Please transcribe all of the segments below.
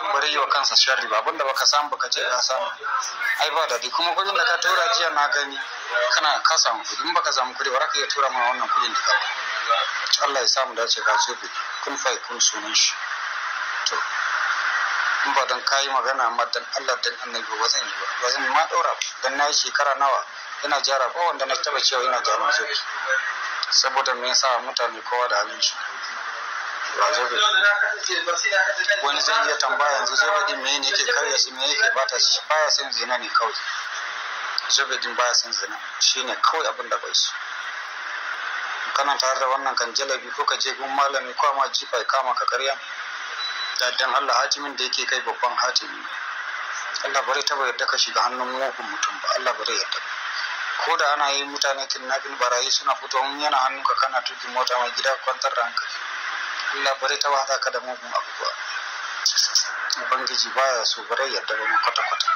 ba zai yi wa kansa sharri ba abinda baka samu baka je ya samu ai ba daɗi kuma kudin da ka tura jiya na gani kana ka samu kudi in baka samu kudi ba ka iya tura mana wannan kudin da ka Allah ya samu dace ka zobe kun fai kun sunan shi to in ba dan kayi magana amma dan Allah dan annabi ba zan yi ba ba zan ma daura dan yi shekara nawa ina jara ba wanda na taba cewa ina jara zobe saboda me yasa mutane kowa da halin shi wani zai iya tambaya yanzu zobe mai me ne yake karya su mai yake bata shi baya son zina ne kawai zobe baya son zina shi ne kawai abin da bai so kana tare da wannan kan jalabi ko ka je gun malami ko ma jifa kama ka karya da dan Allah hatimin da yake kai babban hatimi Allah bari ta yarda ka shiga hannun mugun mutum ba Allah bari yarda ko da ana yi mutane kinnafin barayi suna fito yana hannunka kana tuki mota mai gida kwantar da hankali Allah bari ta haɗa ka da mugun abubuwa ubangiji baya so bare yarda ba kwata kwata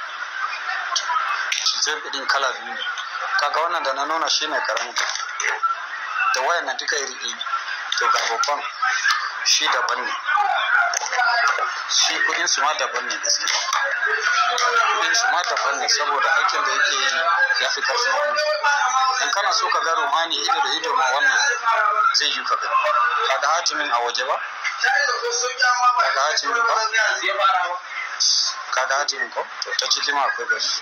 zai ɗin kala biyu ne kaga wannan da na nuna shi ne karamin da wayan na duka iri ɗaya to ga babban shi daban ne shi kuɗin su ma daban ne gaskiya ma daban ne saboda aikin da yake yi ya fi karfin wani in kana so ka ga ruhani ido da ido ma wannan zai yi ka ga kaga hatimin a waje ba kaga hatimin ba ka kaga hatimin ko To ta ciki ma akwai gashi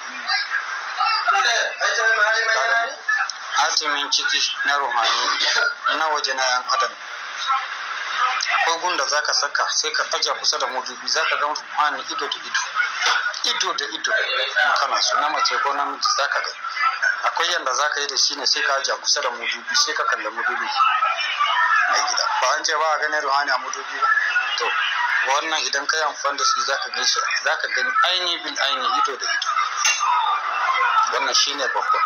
hatimin ciki na ruhani na waje na yan adam akwai gunda da zaka saka sai ka aja kusa da mudubi zaka ga ruhani ido da ido ido da ido kana so na mace ko namiji za ka gani akwai yadda za ka yi da shi ne sai ka ja kusa da mudubi sai ka kalla mudubi mai gida ba an ce ba a ganin ruhani a mudubi ba to wannan idan ka yi amfani da su za ka gani za ka gani aini bil aini ido da ido wannan shi ne babban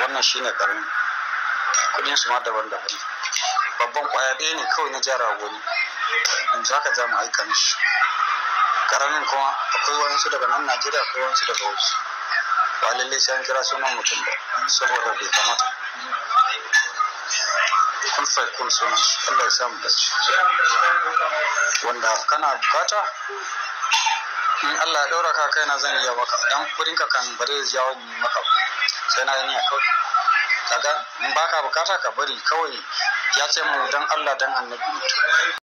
wannan shi ne karni kudin su ma daban-daban babban kwaya ɗaya ne kawai na jara wani in za mu aika mishi karamin kuma akwai wayansu daga nan najeriya akwai wayansu daga wasu ba lallai sai an kira sunan mutum ba saboda bai kamata kun kun sun Allah ya samu dace wanda kana bukata in Allah ya daura ka kaina zan iya maka dan ka kan bare da jawo ni maka sai na ni kawai kaga in baka bukata ka bari kawai ya ce mu dan Allah dan annabi